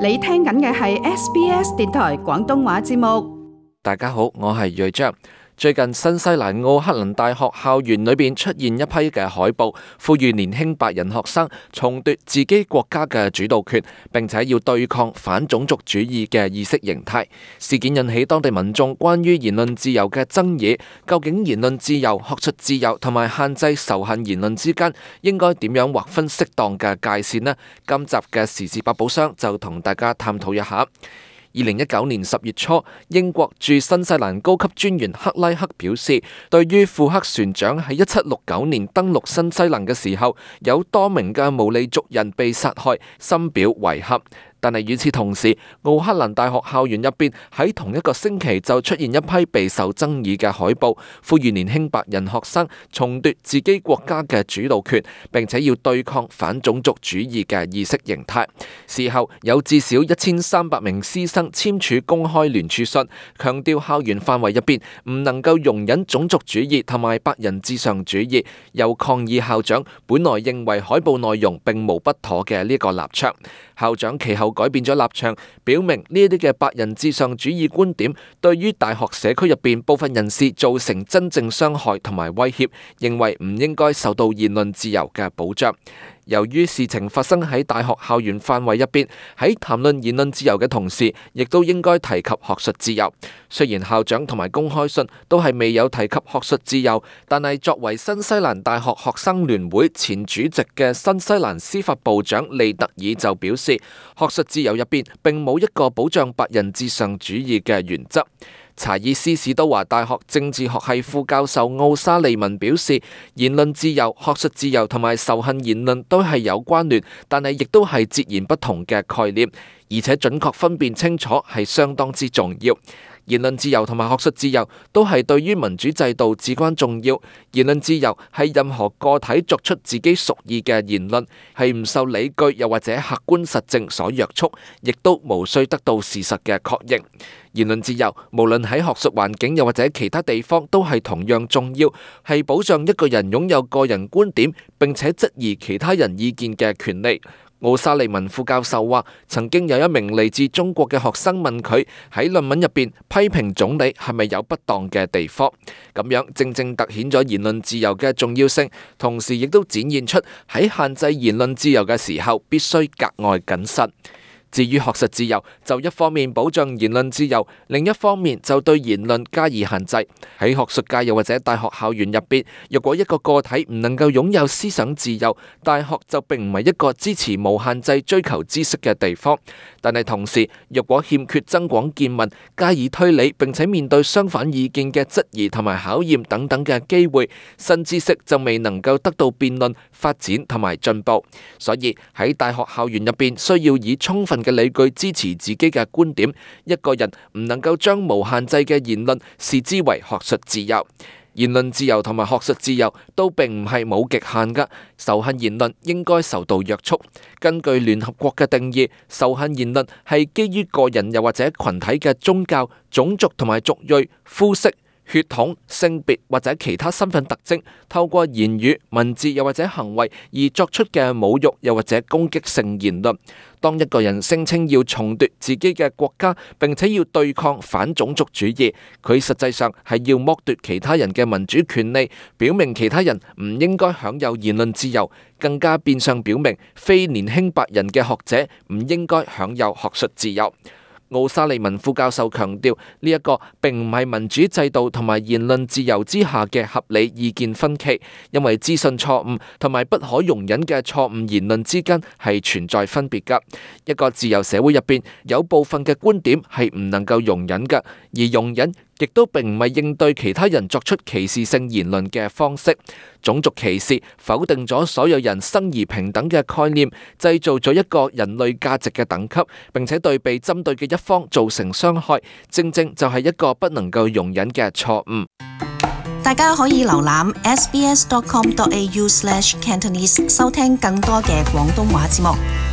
你聽緊嘅係 SBS 電台廣東話節目。大家好，我係睿章。最近，新西蘭奧克蘭大學校園裏邊出現一批嘅海報，呼籲年輕白人學生重奪自己國家嘅主導權，並且要對抗反種族主義嘅意識形態。事件引起當地民眾關於言論自由嘅爭議。究竟言論自由、學術自由同埋限制仇恨言論之間，應該點樣劃分適當嘅界線呢？今集嘅時事百寶箱就同大家探討一下。二零一九年十月初，英國駐新西蘭高級專員克拉克表示，對於庫克船長喺一七六九年登陸新西蘭嘅時候，有多名嘅毛利族人被殺害，深表遺憾。但係與此同時，奧克蘭大學校園入邊喺同一個星期就出現一批備受爭議嘅海報，呼籲年輕白人學生重奪自己國家嘅主導權，並且要對抗反種族主義嘅意識形態。事後有至少一千三百名師生簽署公開聯署信，強調校園範圍入邊唔能夠容忍種族主義同埋白人至上主義，又抗議校長本來認為海報內容並無不妥嘅呢個立場。校長其後改變咗立場，表明呢一啲嘅白人至上主義觀點，對於大學社區入邊部分人士造成真正傷害同埋威脅，認為唔應該受到言論自由嘅保障。由於事情發生喺大學校園範圍入邊，喺談論言論自由嘅同時，亦都應該提及學術自由。雖然校長同埋公開信都係未有提及學術自由，但係作為新西蘭大學學生聯會前主席嘅新西蘭司法部長利特爾就表示，學術自由入邊並冇一個保障白人至上主義嘅原則。查爾斯史都華大學政治學系副教授奧沙利文表示，言論自由、學術自由同埋仇恨言論都係有關聯，但係亦都係截然不同嘅概念，而且準確分辨清楚係相當之重要。言論自由同埋學術自由都係對於民主制度至關重要。言論自由係任何個體作出自己屬意嘅言論，係唔受理據又或者客觀實證所約束，亦都無需得到事實嘅確認。言論自由無論喺學術環境又或者其他地方都係同樣重要，係保障一個人擁有個人觀點，並且質疑其他人意見嘅權利。奧沙利文副教授話，曾經有一名嚟自中國嘅學生問佢喺論文入邊批評總理係咪有不當嘅地方，咁樣正正突顯咗言論自由嘅重要性，同時亦都展現出喺限制言論自由嘅時候必須格外謹慎。至於學術自由，就一方面保障言論自由，另一方面就對言論加以限制。喺學術界又或者大學校園入邊，若果一個個體唔能夠擁有思想自由，大學就並唔係一個支持無限制追求知識嘅地方。但係同時，若果欠缺增廣見聞、加以推理，並且面對相反意見嘅質疑同埋考驗等等嘅機會，新知識就未能夠得到辯論、發展同埋進步。所以，喺大學校園入邊，需要以充分嘅理據支持自己嘅觀點，一個人唔能夠將無限制嘅言論視之為學術自由。言論自由同埋學術自由都並唔係冇極限㗎，仇恨言論應該受到約束。根據聯合國嘅定義，仇恨言論係基於個人又或者群體嘅宗教、種族同埋族裔、膚色。血統、性別或者其他身份特徵，透過言語、文字又或者行為而作出嘅侮辱又或者攻擊性言論。當一個人聲稱要重奪自己嘅國家，並且要對抗反種族主義，佢實際上係要剝奪其他人嘅民主權利，表明其他人唔應該享有言論自由，更加變相表明非年輕白人嘅學者唔應該享有學術自由。奧沙利文副教授強調，呢、這、一個並唔係民主制度同埋言論自由之下嘅合理意見分歧，因為資訊錯誤同埋不可容忍嘅錯誤言論之間係存在分別噶。一個自由社會入邊，有部分嘅觀點係唔能夠容忍噶，而容忍。亦都並唔係應對其他人作出歧視性言論嘅方式，種族歧視否定咗所有人生而平等嘅概念，製造咗一個人類價值嘅等級，並且對被針對嘅一方造成傷害，正正就係一個不能夠容忍嘅錯誤。大家可以瀏覽 sbs.com.au/cantonese dot dot slash 收聽更多嘅廣東話節目。